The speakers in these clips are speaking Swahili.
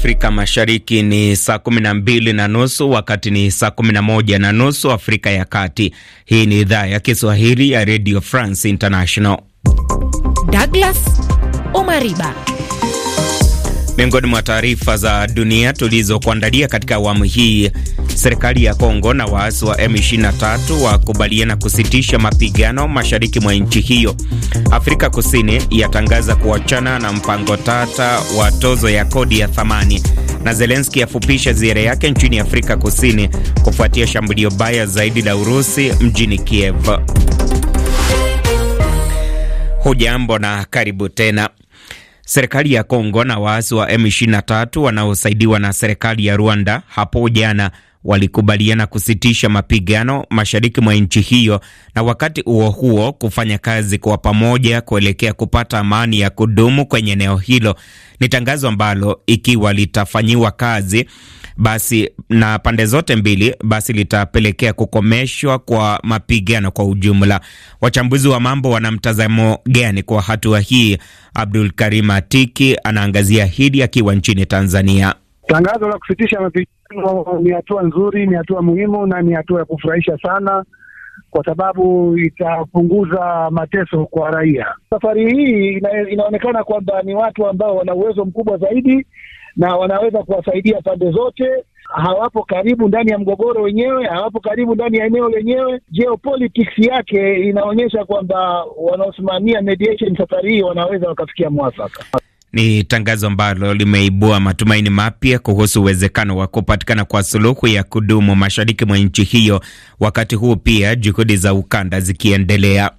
Afrika Mashariki ni saa kumi na mbili na nusu wakati ni saa kumi na moja na nusu Afrika ya Kati. Hii ni idhaa ya Kiswahili ya Radio France International. Douglas Omariba Miongoni mwa taarifa za dunia tulizokuandalia katika awamu hii, serikali ya Kongo na waasi wa M23 wakubaliana kusitisha mapigano mashariki mwa nchi hiyo. Afrika Kusini yatangaza kuachana na mpango tata wa tozo ya kodi ya thamani, na Zelenski afupisha ziara yake nchini Afrika Kusini kufuatia shambulio baya zaidi la Urusi mjini Kiev. Hujambo na karibu tena. Serikali ya Kongo na waasi wa M23 wanaosaidiwa na serikali ya Rwanda hapo jana walikubaliana kusitisha mapigano mashariki mwa nchi hiyo na wakati huo huo kufanya kazi kwa pamoja kuelekea kupata amani ya kudumu kwenye eneo hilo. Ni tangazo ambalo ikiwa litafanyiwa kazi basi na pande zote mbili, basi litapelekea kukomeshwa kwa mapigano kwa ujumla. Wachambuzi wa mambo wana mtazamo gani kwa hatua hii? Abdul Karim Atiki anaangazia hili akiwa nchini Tanzania. Tangazo la kusitisha mapigano ni hatua nzuri, ni hatua muhimu na ni hatua ya kufurahisha sana kwa sababu itapunguza mateso kwa raia. Safari hii ina, inaonekana kwamba ni watu ambao wana uwezo mkubwa zaidi na wanaweza kuwasaidia pande zote. Hawapo karibu ndani ya mgogoro wenyewe, hawapo karibu ndani ya eneo lenyewe. Geopolitics yake inaonyesha kwamba wanaosimamia mediation safari hii wanaweza wakafikia mwafaka. Ni tangazo ambalo limeibua matumaini mapya kuhusu uwezekano wa kupatikana kwa suluhu ya kudumu mashariki mwa nchi hiyo, wakati huu pia juhudi za ukanda zikiendelea.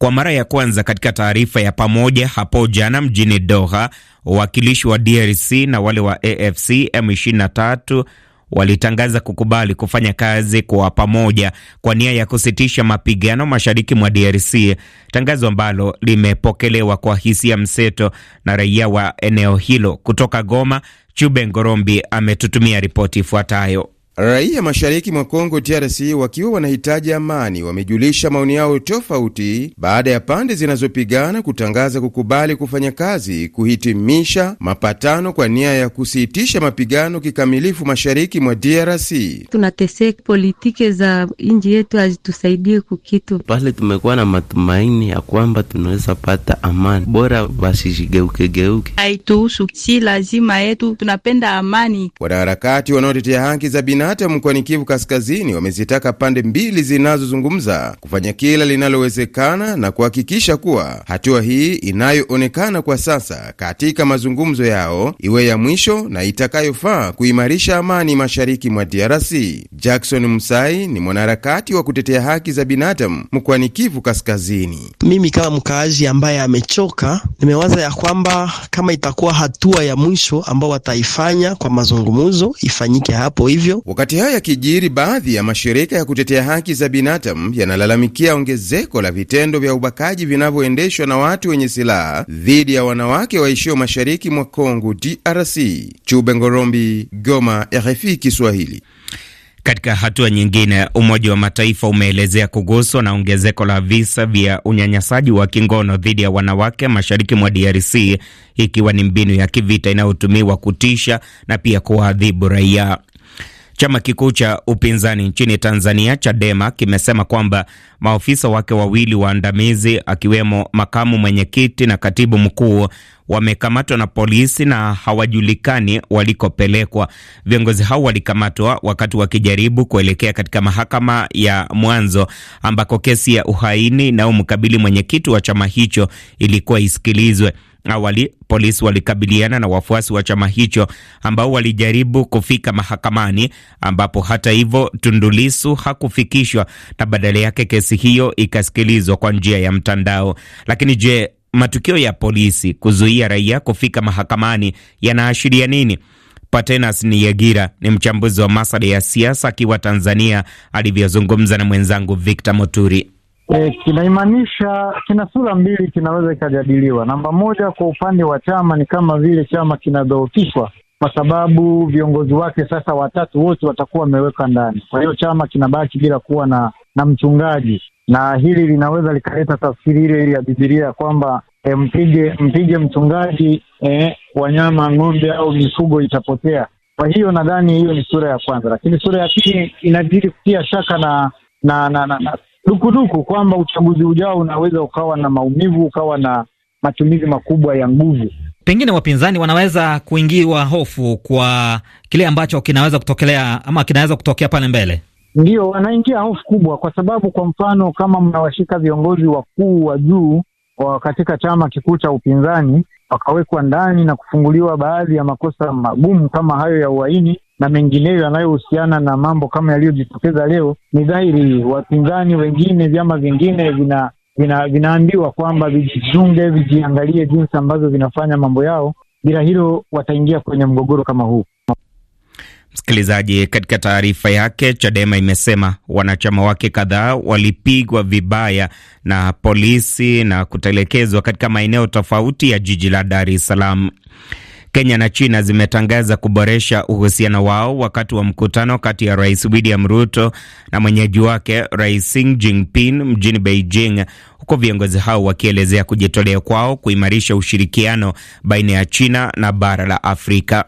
Kwa mara ya kwanza katika taarifa ya pamoja hapo jana mjini Doha, wawakilishi wa DRC na wale wa AFC M23 walitangaza kukubali kufanya kazi kwa pamoja kwa nia ya kusitisha mapigano mashariki mwa DRC, tangazo ambalo limepokelewa kwa hisia mseto na raia wa eneo hilo. Kutoka Goma, Chube Ngorombi ametutumia ripoti ifuatayo. Raia mashariki mwa Kongo DRC wakiwa wanahitaji amani wamejulisha maoni yao tofauti baada ya pande zinazopigana kutangaza kukubali kufanya kazi kuhitimisha mapatano kwa nia ya kusitisha mapigano kikamilifu mashariki mwa DRC. Tunateseka, politike za nji yetu hazitusaidie kukitu. Pale tumekuwa na matumaini ya kwamba tunaweza pata amani, bora wasishigeukegeuke. Haituhusu, si lazima yetu, tunapenda amani. Wanaharakati wanaotetea haki za na hata mkoani Kivu Kaskazini wamezitaka pande mbili zinazozungumza kufanya kila linalowezekana na kuhakikisha kuwa hatua hii inayoonekana kwa sasa katika mazungumzo yao iwe ya mwisho na itakayofaa kuimarisha amani mashariki mwa DRC. Jackson Musai ni mwanaharakati wa kutetea haki za binadamu mkoani Kivu Kaskazini. Mimi kama mkaaji ambaye amechoka, nimewaza ya kwamba kama itakuwa hatua ya mwisho ambao wataifanya kwa mazungumzo ifanyike hapo hivyo Wakati hayo yakijiri, baadhi ya mashirika ya kutetea haki za binadamu yanalalamikia ongezeko la vitendo vya ubakaji vinavyoendeshwa na watu wenye silaha dhidi ya wanawake waishio mashariki mwa Kongo DRC. Chube Ngorombi, Goma, RFI Kiswahili. Katika hatua nyingine, Umoja wa Mataifa umeelezea kuguswa na ongezeko la visa vya unyanyasaji wa kingono dhidi ya wanawake mashariki mwa DRC, ikiwa ni mbinu ya kivita inayotumiwa kutisha na pia kuwaadhibu raia. Chama kikuu cha upinzani nchini Tanzania, Chadema, kimesema kwamba maofisa wake wawili waandamizi, akiwemo makamu mwenyekiti na katibu mkuu, wamekamatwa na polisi na hawajulikani walikopelekwa. Viongozi hao walikamatwa wakati wakijaribu kuelekea katika mahakama ya mwanzo ambako kesi ya uhaini inayomkabili mwenyekiti wa chama hicho ilikuwa isikilizwe. Awali polisi walikabiliana na wafuasi wa chama hicho ambao walijaribu kufika mahakamani, ambapo hata hivyo Tundulisu hakufikishwa na badala yake kesi hiyo ikasikilizwa kwa njia ya mtandao. Lakini je, matukio ya polisi kuzuia raia kufika mahakamani yanaashiria nini? Patenas Niyagira ni mchambuzi wa masuala ya siasa akiwa Tanzania, alivyozungumza na mwenzangu Victor Moturi e, eh, kinaimanisha kina sura mbili, kinaweza ikajadiliwa. Namba moja, kwa upande wa chama ni kama vile chama kinadhoofishwa kwa sababu viongozi wake sasa watatu wote watakuwa wameweka ndani, kwa hiyo chama kinabaki bila kuwa na na mchungaji, na hili linaweza likaleta tafsiri ile ile ya Bibilia ya kwamba e, mpige mpige mchungaji e, wanyama ng'ombe au mifugo itapotea. Kwa hiyo nadhani hiyo ni sura ya kwanza, lakini sura ya pili inajiri kutia shaka na na na, na, na dukuduku kwamba uchaguzi ujao unaweza ukawa na maumivu, ukawa na matumizi makubwa ya nguvu. Pengine wapinzani wanaweza kuingiwa hofu kwa kile ambacho kinaweza kutokelea ama kinaweza kutokea pale mbele. Ndio wanaingia hofu kubwa, kwa sababu kwa mfano kama mnawashika viongozi wakuu wa juu katika chama kikuu cha upinzani wakawekwa ndani na kufunguliwa baadhi ya makosa magumu kama hayo ya uhaini, na mengineyo yanayohusiana na mambo kama yaliyojitokeza leo, ni dhahiri wapinzani wengine, vyama vingine vina, vina vinaambiwa kwamba vijichunge, vijiangalie jinsi ambavyo vinafanya mambo yao, bila hilo wataingia kwenye mgogoro kama huu. Msikilizaji, katika taarifa yake, Chadema imesema wanachama wake kadhaa walipigwa vibaya na polisi na kutelekezwa katika maeneo tofauti ya jiji la Dar es Salaam. Kenya na China zimetangaza kuboresha uhusiano wao wakati wa mkutano kati ya Rais William Ruto na mwenyeji wake Rais Xi Jinping mjini Beijing, huku viongozi hao wakielezea kujitolea kwao kuimarisha ushirikiano baina ya China na bara la Afrika.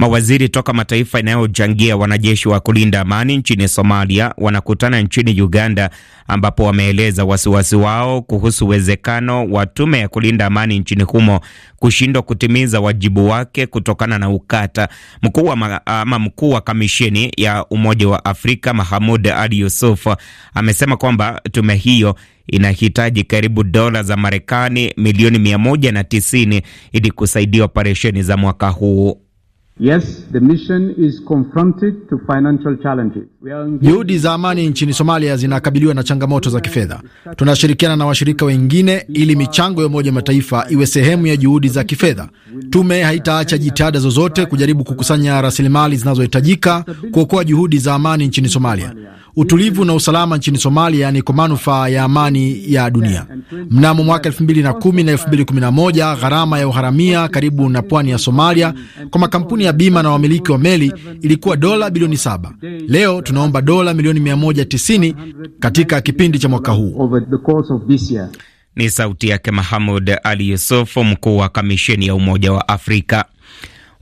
Mawaziri toka mataifa yanayochangia wanajeshi wa kulinda amani nchini Somalia wanakutana nchini Uganda, ambapo wameeleza wasiwasi wao kuhusu uwezekano wa tume ya kulinda amani nchini humo kushindwa kutimiza wajibu wake kutokana na ukata. Mkuu wa ama mkuu wa kamisheni ya Umoja wa Afrika Mahamud Ali Yusuf amesema kwamba tume hiyo inahitaji karibu dola za Marekani milioni 190 ili kusaidia operesheni za mwaka huu. Yes, the mission is confronted to financial challenges. Juhudi za amani nchini Somalia zinakabiliwa na changamoto za kifedha. Tunashirikiana na washirika wengine ili michango ya Umoja Mataifa iwe sehemu ya juhudi za kifedha. Tume haitaacha jitihada zozote kujaribu kukusanya rasilimali zinazohitajika kuokoa juhudi za amani nchini Somalia utulivu na usalama nchini Somalia ni kwa manufaa ya amani ya dunia. Mnamo mwaka 2010 na 2011, gharama ya uharamia karibu na pwani ya Somalia kwa makampuni ya bima na wamiliki wa meli ilikuwa dola bilioni 7. Leo tunaomba dola milioni 190 katika kipindi cha mwaka huu. Ni sauti yake Mahamud Ali Yusuf, mkuu wa kamisheni ya Umoja wa Afrika.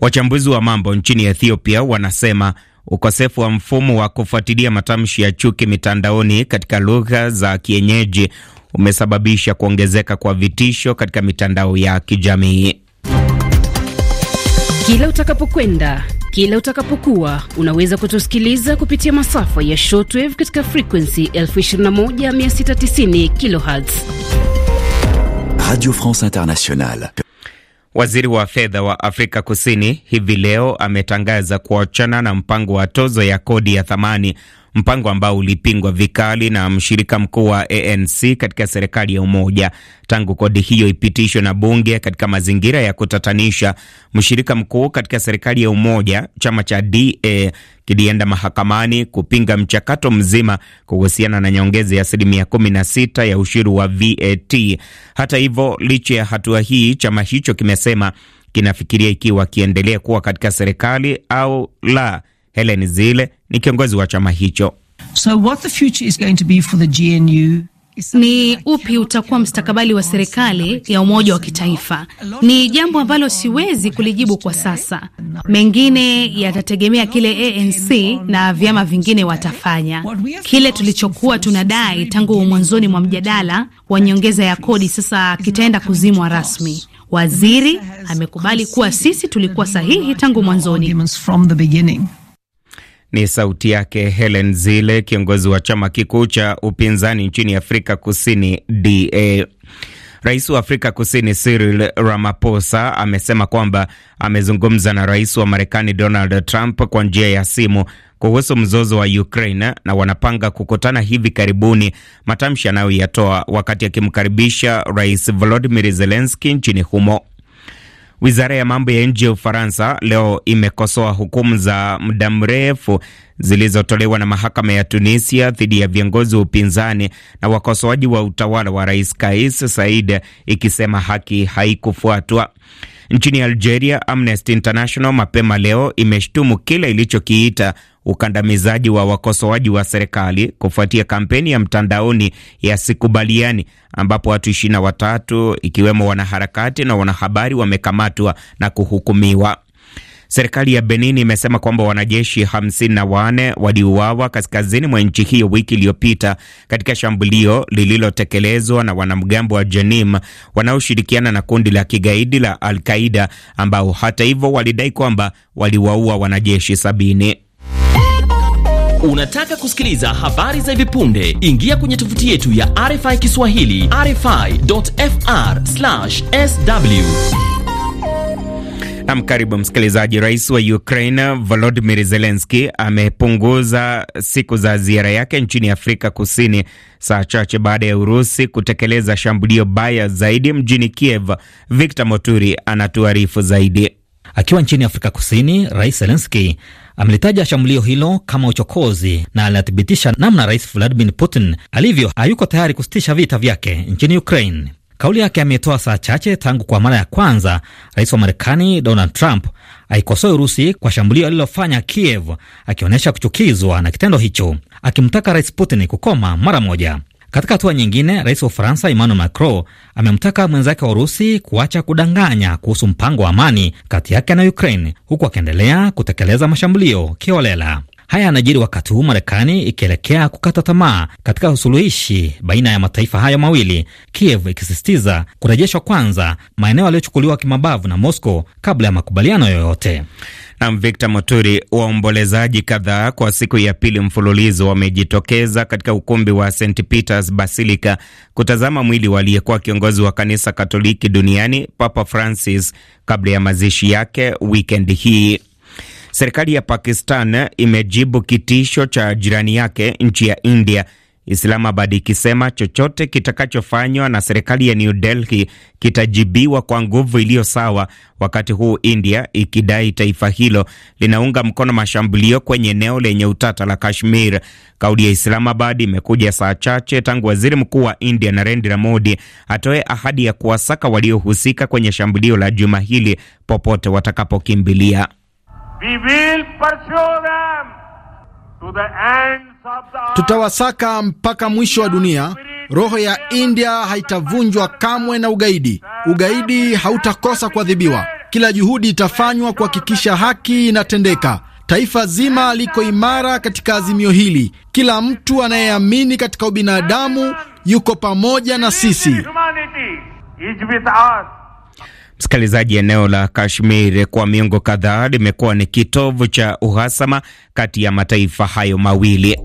Wachambuzi wa mambo nchini Ethiopia wanasema Ukosefu wa mfumo wa kufuatilia matamshi ya chuki mitandaoni katika lugha za kienyeji umesababisha kuongezeka kwa vitisho katika mitandao ya kijamii. Kila utakapokwenda, kila utakapokuwa, unaweza kutusikiliza kupitia masafa ya shortwave katika frekuensi 21690 kilohertz. Radio France Internationale. Waziri wa fedha wa Afrika Kusini hivi leo ametangaza kuachana na mpango wa tozo ya kodi ya thamani mpango ambao ulipingwa vikali na mshirika mkuu wa ANC katika serikali ya umoja. Tangu kodi hiyo ipitishwe na bunge katika mazingira ya kutatanisha, mshirika mkuu katika serikali ya umoja, chama cha DA kilienda mahakamani kupinga mchakato mzima kuhusiana na nyongeza ya asilimia na sita ya ushuru wa VAT. Hata hivyo, licha ya hatua hii, chama hicho kimesema kinafikiria ikiwa kiendelea kuwa katika serikali au la. Helen Zille ni kiongozi wa chama hicho. So what the future is going to be for the GNU ni upi utakuwa mstakabali wa serikali ya umoja wa kitaifa? Ni jambo ambalo siwezi kulijibu kwa sasa. Mengine yatategemea kile ANC na vyama vingine watafanya. Kile tulichokuwa tunadai tangu mwanzoni mwa mjadala wa nyongeza ya kodi sasa kitaenda kuzimwa rasmi. Waziri amekubali kuwa sisi tulikuwa sahihi tangu mwanzoni. Ni sauti yake Helen Zille, kiongozi wa chama kikuu cha upinzani nchini Afrika Kusini, DA. Rais wa Afrika Kusini Cyril Ramaphosa amesema kwamba amezungumza na rais wa Marekani Donald Trump kwa njia ya simu kuhusu mzozo wa Ukraine na wanapanga kukutana hivi karibuni, matamshi anayoyatoa wakati akimkaribisha Rais volodimir zelenski nchini humo. Wizara ya mambo ya nje ya Ufaransa leo imekosoa hukumu za muda mrefu zilizotolewa na mahakama ya Tunisia dhidi ya viongozi wa upinzani na wakosoaji wa utawala wa Rais Kais Saied ikisema haki haikufuatwa. Nchini Algeria, Amnesty International mapema leo imeshtumu kile ilichokiita ukandamizaji wa wakosoaji wa serikali kufuatia kampeni ya mtandaoni ya Sikubaliani, ambapo watu ishirini na watatu ikiwemo wanaharakati na wanahabari wamekamatwa na kuhukumiwa. Serikali ya Benin imesema kwamba wanajeshi 54 waliuawa kaskazini mwa nchi hiyo wiki iliyopita katika shambulio lililotekelezwa na wanamgambo wa jenim wanaoshirikiana na kundi la kigaidi la Al Qaida, ambao hata hivyo walidai kwamba waliwaua wanajeshi sabini. Unataka kusikiliza habari za hivi punde? Ingia kwenye tovuti yetu ya RFI Kiswahili, rfi.fr/sw. Namkaribu msikilizaji. Rais wa Ukraine Volodimir Zelenski amepunguza siku za ziara yake nchini Afrika Kusini saa chache baada ya Urusi kutekeleza shambulio baya zaidi mjini Kiev. Victor Moturi anatuarifu zaidi. Akiwa nchini Afrika Kusini, Rais Zelenski amelitaja shambulio hilo kama uchokozi na alithibitisha namna Rais Vladimir Putin alivyo hayuko tayari kusitisha vita vyake nchini Ukraine. Kauli yake ametoa saa chache tangu kwa mara ya kwanza rais wa Marekani Donald Trump aikosoe Urusi kwa shambulio alilofanya Kiev, akionyesha kuchukizwa na kitendo hicho, akimtaka rais Putin kukoma mara moja. Katika hatua nyingine, rais wa Ufaransa Emmanuel Macron amemtaka mwenzake wa Urusi kuacha kudanganya kuhusu mpango wa amani kati yake na Ukraine, huku akiendelea kutekeleza mashambulio kiolela. Haya yanajiri wakati huu Marekani ikielekea kukata tamaa katika usuluhishi baina ya mataifa hayo mawili, Kiev ikisisitiza kurejeshwa kwanza maeneo yaliyochukuliwa kimabavu na Moscow kabla ya makubaliano yoyote. Nam Victor Moturi. Waombolezaji kadhaa kwa siku ya pili mfululizo wamejitokeza katika ukumbi wa St Peters Basilica kutazama mwili wa aliyekuwa kiongozi wa kanisa Katoliki duniani Papa Francis kabla ya mazishi yake wikendi hii. Serikali ya Pakistan imejibu kitisho cha jirani yake nchi ya India, Islamabad, ikisema chochote kitakachofanywa na serikali ya New Delhi kitajibiwa kwa nguvu iliyo sawa, wakati huu India ikidai taifa hilo linaunga mkono mashambulio kwenye eneo lenye utata la Kashmir. Kauli ya Islamabad imekuja saa chache tangu waziri mkuu wa India Narendra Modi atoe ahadi ya kuwasaka waliohusika kwenye shambulio la juma hili popote watakapokimbilia. Tutawasaka mpaka mwisho wa dunia. Roho ya India haitavunjwa kamwe na ugaidi. Ugaidi hautakosa kuadhibiwa. Kila juhudi itafanywa kuhakikisha haki inatendeka. Taifa zima liko imara katika azimio hili. Kila mtu anayeamini katika ubinadamu yuko pamoja na sisi. Msikilizaji, eneo la Kashmir kwa miongo kadhaa limekuwa ni kitovu cha uhasama kati ya mataifa hayo mawili.